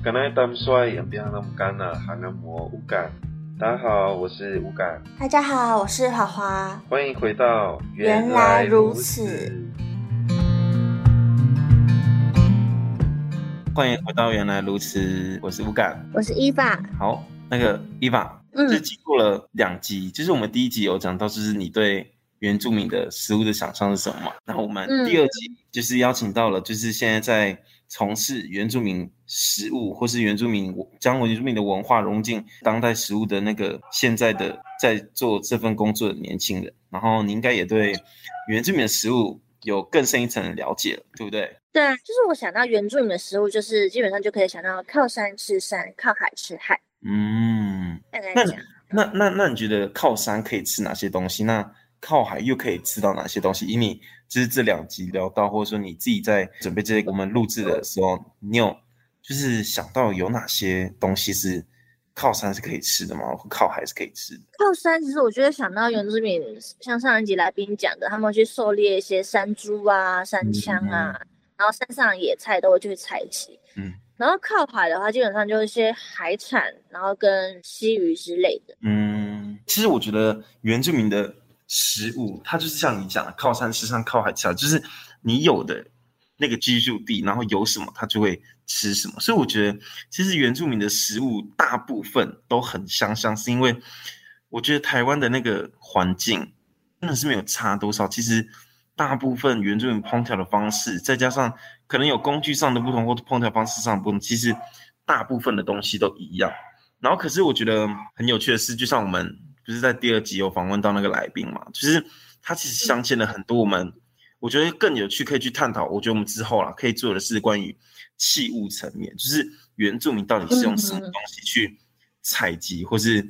剛才他們說：“也不要那麼乾了，喊個魔無感。”大家好，我是無感。大家好，我是樺樺。歡迎回到原來如此。如此歡迎回到原來如此，我是無感，我是伊爸。好，那個伊爸，這經過了兩集，就是我們第一集有講到，就是你對。原住民的食物的想象是什麼？那我們第二集就是邀請到了，就是現在在從事原住民食物，或是原住民將原住民的文化融進當代食物的那個現在的在做這份工作的年輕人。然後你應該也對原住民的食物有更深一層的了解了，對不對？對啊，就是我想到原住民的食物，就是基本上就可以想到靠山吃山，靠海吃海。嗯，看看那那那那你覺得靠山可以吃哪些東西？那靠海又可以吃到哪些東西？因為你就是這兩集聊到，或者說你自己在準備這些我們錄製的時候，你有就是想到有哪些東西是靠山是可以吃的嗎？靠海是可以吃的。靠山其實我覺得想到原住民，像上一集來賓講的，他們去狩獵一些山豬啊、山羌啊，嗯、然後山上野菜都會去採集。嗯。然後靠海的話，基本上就是一些海產，然後跟溪魚之類的。嗯，其實我覺得原住民的。食物，它就是像你講的，靠山吃山，靠海吃海，就是你有的那個居住地，然後有什麼，它就會吃什麼。所以我覺得，其實原住民的食物大部分都很相像，是因為我覺得台灣的那個環境真的是沒有差多少。其實大部分原住民烹調的方式，再加上可能有工具上的不同，或者烹調方式上的不同，其實大部分的東西都一樣。然後，可是我覺得很有趣的是，就像我們。不是在第二集有訪問到那個來賓嘛？就是他其實鑲嵌了很多我們，我覺得更有趣可以去探討。我覺得我們之後啦可以做的是關於器物層面，就是原住民到底是用什麼東西去採集或是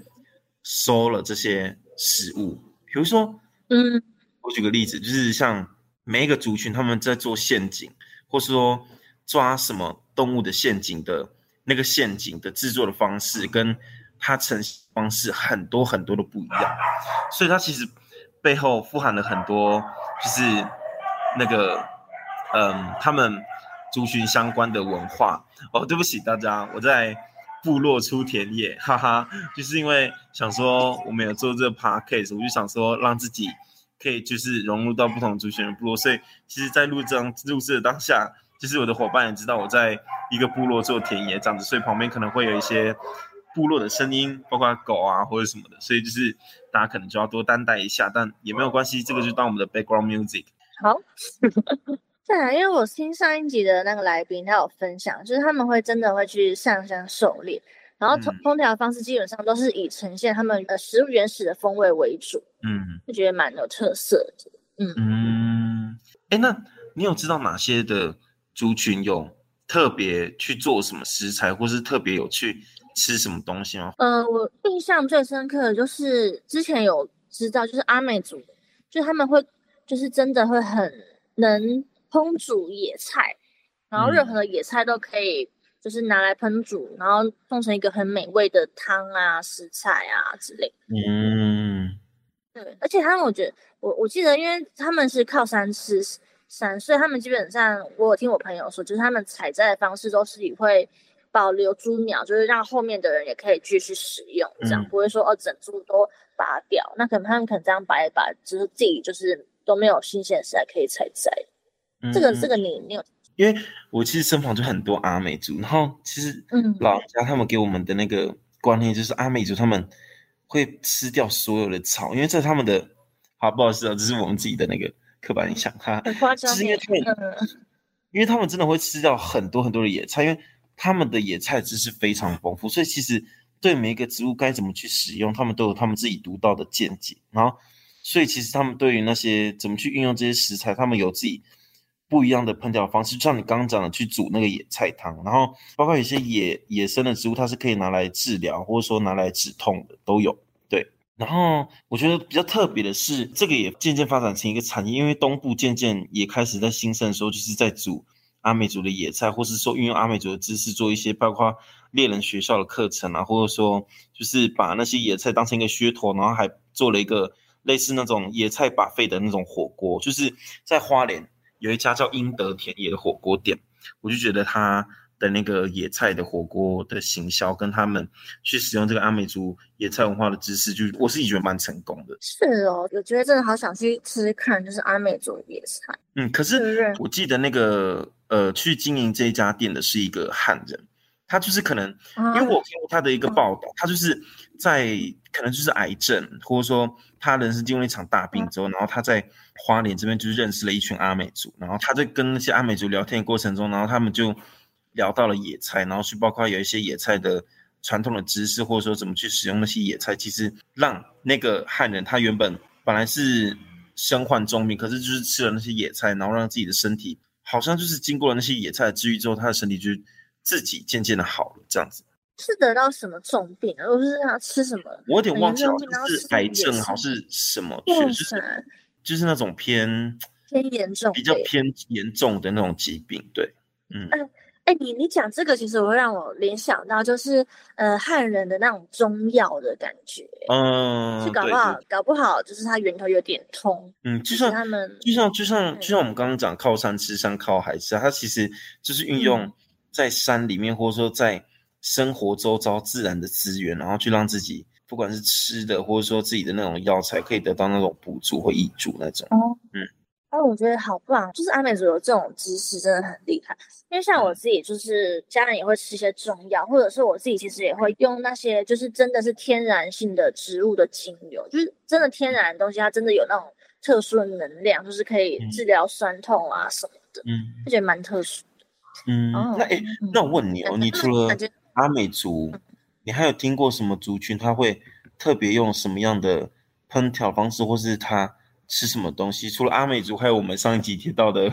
收了這些食物。比如說，嗯，我舉個例子，就是像每一個族群他們在做陷阱，或是說抓什麼動物的陷阱的那個陷阱的製作的方式跟它呈現的方式很多很多的不一樣，所以它其實背後富含了很多，就是那個，嗯，他們族群相關的文化。哦，對不起大家，我在部落出田野，哈哈，就是因為想說，我沒有做這個 podcast，我就想說，讓自己可以就是融入到不同族群的部落。所以，其實，在錄這錄製的當下，就是我的夥伴也知道我在一個部落做田野長著，所以旁邊可能會有一些。部落的聲音，包括狗啊或者什麼的，所以就是大家可能就要多擔待一下，但也沒有關係，這個就當我們的 background music。好，對啊， 因為我新上一集的那個來賓，他有分享，就是他們會真的會去上山狩獵，然後通烹、嗯、調的方式基本上都是以呈現他們呃食物原始的風味為主，嗯，就覺得蠻有特色，嗯嗯，哎、嗯，那你有知道哪些的族群有特別去做什麼食材，或是特別有趣？吃什麼東西嗎？呃，我印象最深刻的就是之前有知道，就是阿美族，就他們會就是真的會很能烹煮野菜，然後任何的野菜都可以就是拿來烹煮，然後弄成一個很美味的湯啊、食材啊之類。嗯，對，而且他們我覺得我我記得，因為他們是靠山吃山，所以他們基本上我有聽我朋友說，就是他們採摘的方式都是以會。保留株苗，就是讓後面的人也可以繼續使用，這樣不會說哦，整株都拔掉。嗯、那可能他們可能這樣拔一拔，就是自己就是都沒有新鮮食材可以採摘，嗯這個。這個這個你你有？因為我其實身旁就很多阿美族，然後其實嗯，老家他們給我們的那個觀念就是阿美族他們會吃掉所有的草，因為在他們的……好不好啊，這，就是我們自己的那個刻板印象哈，很誇張。因為他們，嗯、因為他們真的會吃掉很多很多的野菜，因為。他們的野菜知識非常豐富，所以其實對每一個植物該怎麼去使用，他們都有他們自己獨到的見解。然後，所以其實他們對於那些怎麼去運用這些食材，他們有自己不一樣的烹調方式。就像你剛剛講的，去煮那個野菜湯，然後包括有些野野生的植物，它是可以拿來治療，或者說拿來止痛的，都有。對，然後我覺得比較特別的是，這個也漸漸發展成一個產業，因為東部漸漸也開始在興盛的時候，就是在煮。阿美族的野菜，或是說運用阿美族的知識做一些包括獵人學校的課程啊，或者說就是把那些野菜當成一個噱頭，然後還做了一個類似那種野菜 buffet 的那種火鍋，就是在花蓮有一家叫英德田野的火鍋店，我就覺得他。的那個野菜的火鍋的行銷，跟他們去使用這個阿美族野菜文化的知識，就我是我自己覺得蠻成功的。是哦，我覺得真的好想去吃吃看，就是阿美族的野菜。嗯，可是我記得那個對呃，去經營這一家店的是一個漢人，他就是可能因為我看過、啊、他的一個報道啊、他就是在可能就是癌症，或者說他人生經歷一場大病之後，啊、然後他在花蓮這邊就認識了一群阿美族，然後他在跟那些阿美族聊天的過程中，然後他們就。聊到了野菜，然後去包括有一些野菜的傳統的知識，或者說怎麼去使用那些野菜，其實讓那個漢人他原本本，本來是身患重病，可是就是吃了那些野菜，然後讓自己的身體好像就是經過了那些野菜的治癒之後，他的身體就自己漸漸的好了，這樣子。是得到什麼重病而、啊、不是他吃什麼？我有點忘記了，是癌症還是，是什麼？就是就是那種偏偏嚴重、比較偏嚴重的那種疾病，對，對，嗯。啊哎、欸，你你講這個，其實我會讓我聯想到，就是呃漢人的那種中藥的感覺，嗯，就搞不好對搞不好就是它源頭有點通，嗯，就像他們，就像就像就像我們剛剛講靠山吃山靠海吃，啊，它其實就是運用在山裡面，嗯、或者說在生活周遭自然的資源，然後去讓自己不管是吃的，或者說自己的那種藥材，可以得到那種補助或益助那種。嗯哎、哦，我覺得好棒！就是阿美族有這種知識，真的很厲害。因為像我自己，就是家人也會吃一些中藥，嗯、或者是我自己其實也會用那些，就是真的是天然性的植物的精油，就是真的天然的東西，它真的有那種特殊的能量，就是可以治療酸痛啊什麼的。嗯，我覺得蠻特殊的。嗯，哦、那哎，那我問你哦，嗯、你除了阿美族，嗯、你還有聽過什麼族群？他會特別用什麼樣的烹調方式，或是他？吃什麼東西？除了阿美族，還有我們上一集提到的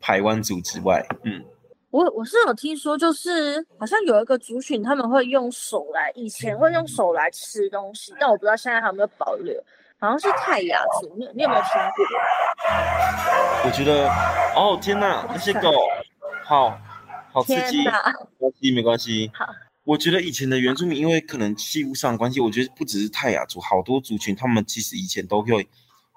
排灣族之外，嗯，我我是有聽說，就是好像有一個族群他們會用手來，以前會用手來吃東西，但我不知道現在還有沒有保留。好像是泰雅族，你你有沒有聽過？我覺得，哦天哪，那些狗，好，好刺激，哪沒關係沒關係。好，我覺得以前的原住民，因為可能器物上關係，我覺得不只是泰雅族，好多族群他們其實以前都會。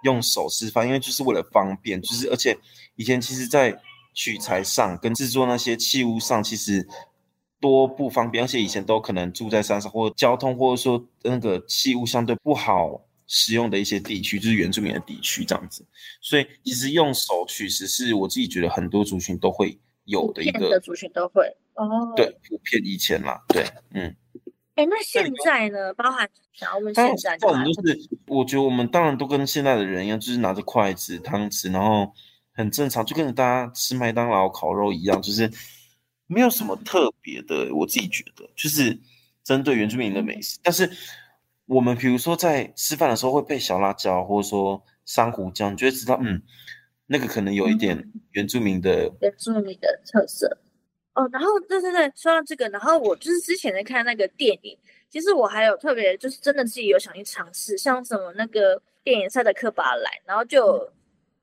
用手吃飯，因為就是為了方便，就是而且以前其實，在取材上跟製作那些器物上，其實多不方便，而且以前都可能住在山上，或者交通或者說那個器物相對不好使用的一些地區，就是原住民的地區這樣子。所以其實用手取食是我自己覺得很多族群都會有的一個。的族群都會哦，對，普遍以前啦，對，嗯。哎，那現在呢？包含我們現在當然就是，我覺得我們當然都跟現在的人一樣，就是拿着筷子、湯匙，然後很正常，就跟大家吃麥當勞烤肉一樣，就是沒有什麼特別的。我自己覺得，就是針對原住民的美食。嗯、但是我們比如說在吃飯的時候會配小辣椒，或者說珊瑚醬，就會知道，嗯，那個可能有一點原住民的、嗯、原住民的特色。哦，然後對對對，說到這個，然後我就是之前在看那個電影，其實我還有特別，就是真的自己有想去嘗試，像什麼那個電影《賽德克巴萊》，然後就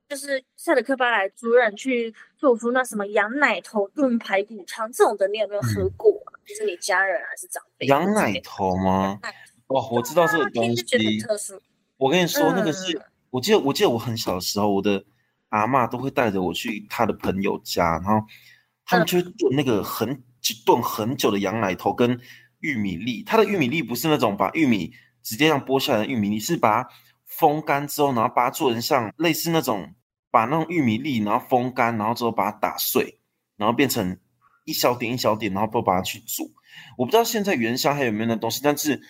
就是《賽德克巴萊》族人去做出那什麼羊奶頭燉排骨湯這種的，你有沒有喝過、啊？就、嗯、是你家人、啊、還是長輩？羊奶頭嗎？哦，我知道這個東西。啊、就覺得很特殊。我跟你說，那個是，嗯、我記得，我記得我很小的時候，我的阿嬤都會帶着我去她的朋友家，然後。他們就做那個很燉很久的羊奶頭跟玉米粒，它的玉米粒不是那種把玉米直接這樣剝下來的玉米，你是把它風乾之後，然後把它做成像類似那種把那種玉米粒，然後風乾，然後之後把它打碎，然後變成一小點一小點，然後都把它去煮。我不知道現在原鄉還有沒有那東西，但是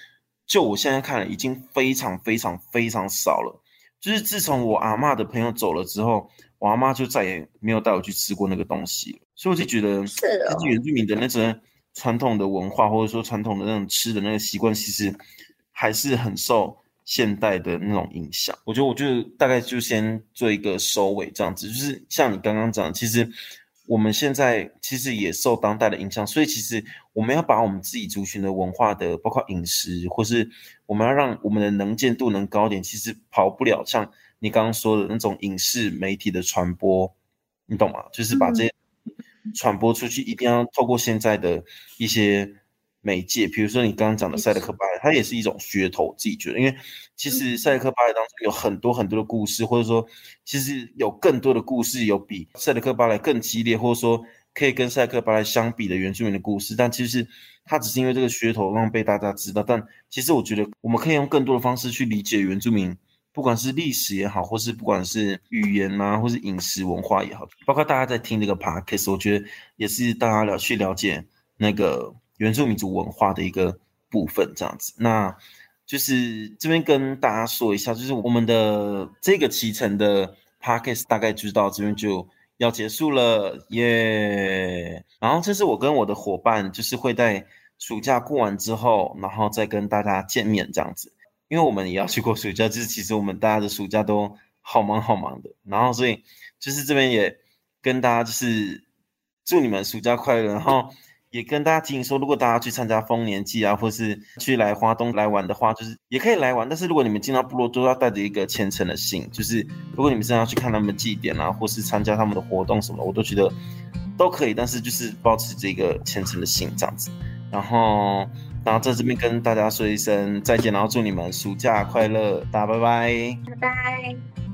就我現在看來，已經非常非常非常少了，就是自從我阿嬤的朋友走了之後，我媽媽就再也沒有帶我去吃過那個東西了，所以我就覺得，是的，原住民的那種傳統的文化，或者說傳統的那種吃的那個習慣，其實還是很受現代的那種影響。我覺得，我就大概就先做一個收尾，這樣子，就是像你剛剛講，其實我們現在其實也受當代的影響，所以其實我們要把我們自己族群的文化的，包括飲食，或是我們要讓我們的能見度能高點，其實跑不了像。你剛剛說的那種影視媒體的傳播，你懂嗎？就是把這些傳播出去，嗯、一定要透過現在的一些媒介，比如說你剛剛講的賽德克巴萊，它、嗯、也是一種噱頭。自己覺得，因為其實賽德克巴萊當中有很多很多的故事，或者說其實有更多的故事，有比賽德克巴萊更激烈，或者說可以跟賽德克巴萊相比的原住民的故事。但其實它只是因為這個噱頭讓被大家知道。但其實我覺得我們可以用更多的方式去理解原住民。不管是歷史也好，或是不管是語言啊，或是飲食文化也好，包括大家在聽這個 podcast，我覺得也是大家了去了解那個原住民族文化的一個部分，這樣子。那就是這邊跟大家說一下，就是我們的這個期程的 podcast 大概就到這邊就要結束了耶。Yeah! 然後，這是我跟我的夥伴，就是會在暑假過完之後，然後再跟大家見面這樣子。因為我們也要去過暑假，就是其實我們大家的暑假都好忙好忙的，然後所以就是這邊也跟大家就是祝你們暑假快樂，然後也跟大家提醒說，如果大家去參加豐年祭啊，或是去來花東來玩的話，就是也可以來玩，但是如果你們進到部落都要帶着一個虔誠的心，就是如果你們是要去看他們祭典啊，或是參加他們的活動什麼，我都覺得都可以，但是就是保持這個虔誠的心這樣子，然後。然後在這邊跟大家說一聲再見，然後祝你們暑假快樂，大家拜拜，拜拜。